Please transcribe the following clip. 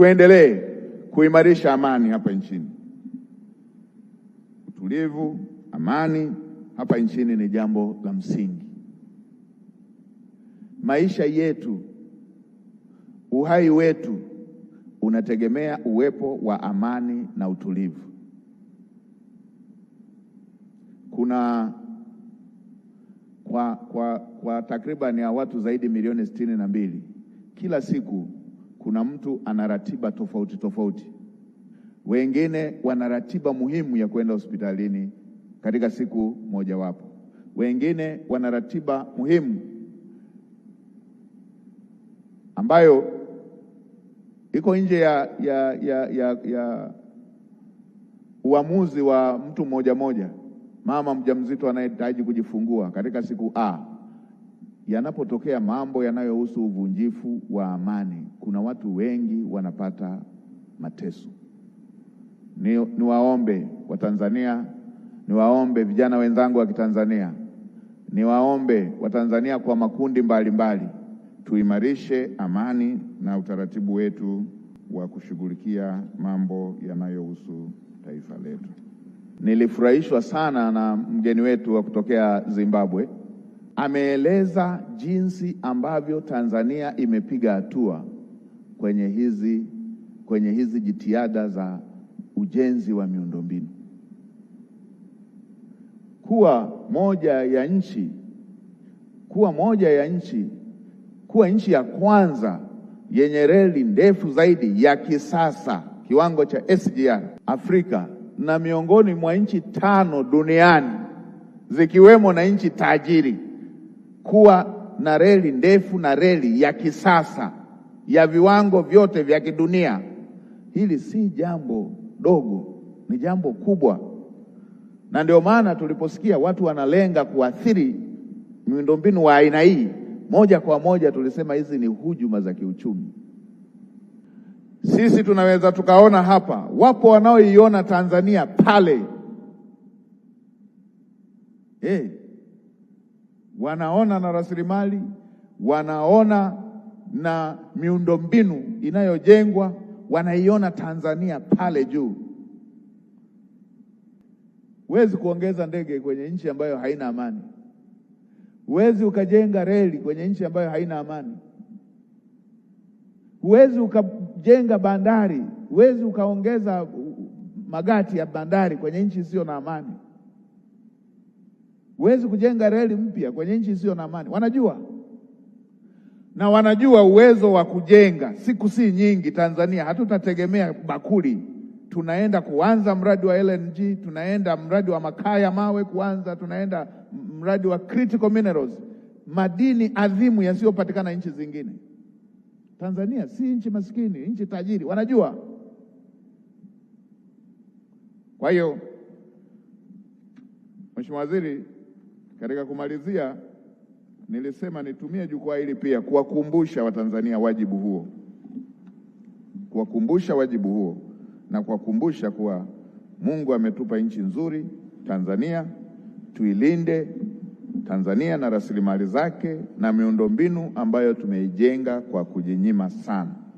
tuendelee kuimarisha amani hapa nchini. Utulivu, amani hapa nchini ni jambo la msingi. Maisha yetu, uhai wetu unategemea uwepo wa amani na utulivu. Kuna kwa, kwa, kwa takribani ya watu zaidi milioni sitini na mbili kila siku kuna mtu ana ratiba tofauti tofauti, wengine wana ratiba muhimu ya kwenda hospitalini katika siku mojawapo, wengine wana ratiba muhimu ambayo iko nje ya, ya, ya, ya, ya uamuzi wa mtu mmoja moja Mama mjamzito anayehitaji kujifungua katika siku A yanapotokea mambo yanayohusu uvunjifu wa amani, kuna watu wengi wanapata mateso. Ni, niwaombe Watanzania, niwaombe vijana wenzangu wa Kitanzania, niwaombe Watanzania kwa makundi mbalimbali mbali, tuimarishe amani na utaratibu wetu wa kushughulikia mambo yanayohusu taifa letu. Nilifurahishwa sana na mgeni wetu wa kutokea Zimbabwe ameeleza jinsi ambavyo Tanzania imepiga hatua kwenye hizi, kwenye hizi jitihada za ujenzi wa miundombinu kuwa moja ya nchi kuwa moja ya nchi kuwa nchi ya kwanza yenye reli ndefu zaidi ya kisasa kiwango cha SGR Afrika na miongoni mwa nchi tano duniani zikiwemo na nchi tajiri kuwa na reli ndefu na reli ya kisasa ya viwango vyote vya kidunia. Hili si jambo dogo, ni jambo kubwa, na ndio maana tuliposikia watu wanalenga kuathiri miundombinu wa aina hii moja kwa moja, tulisema hizi ni hujuma za kiuchumi. Sisi tunaweza tukaona hapa, wapo wanaoiona Tanzania pale, hey. Eh, wanaona na rasilimali, wanaona na miundombinu inayojengwa, wanaiona Tanzania pale juu. Huwezi kuongeza ndege kwenye nchi ambayo haina amani. Huwezi ukajenga reli kwenye nchi ambayo haina amani. Huwezi ukajenga bandari, huwezi ukaongeza magati ya bandari kwenye nchi isiyo na amani. Huwezi kujenga reli mpya kwenye nchi isiyo na amani. Wanajua na wanajua uwezo wa kujenga. Siku si nyingi, Tanzania hatutategemea bakuli. Tunaenda kuanza mradi wa LNG, tunaenda mradi wa makaa ya mawe kuanza, tunaenda mradi wa critical minerals, madini adhimu yasiyopatikana nchi zingine. Tanzania si nchi maskini, nchi tajiri, wanajua. Kwa hiyo Mheshimiwa Waziri katika kumalizia, nilisema nitumie jukwaa hili pia kuwakumbusha Watanzania wajibu huo, kuwakumbusha wajibu huo na kuwakumbusha kuwa Mungu ametupa nchi nzuri Tanzania, tuilinde Tanzania na rasilimali zake na miundombinu ambayo tumeijenga kwa kujinyima sana.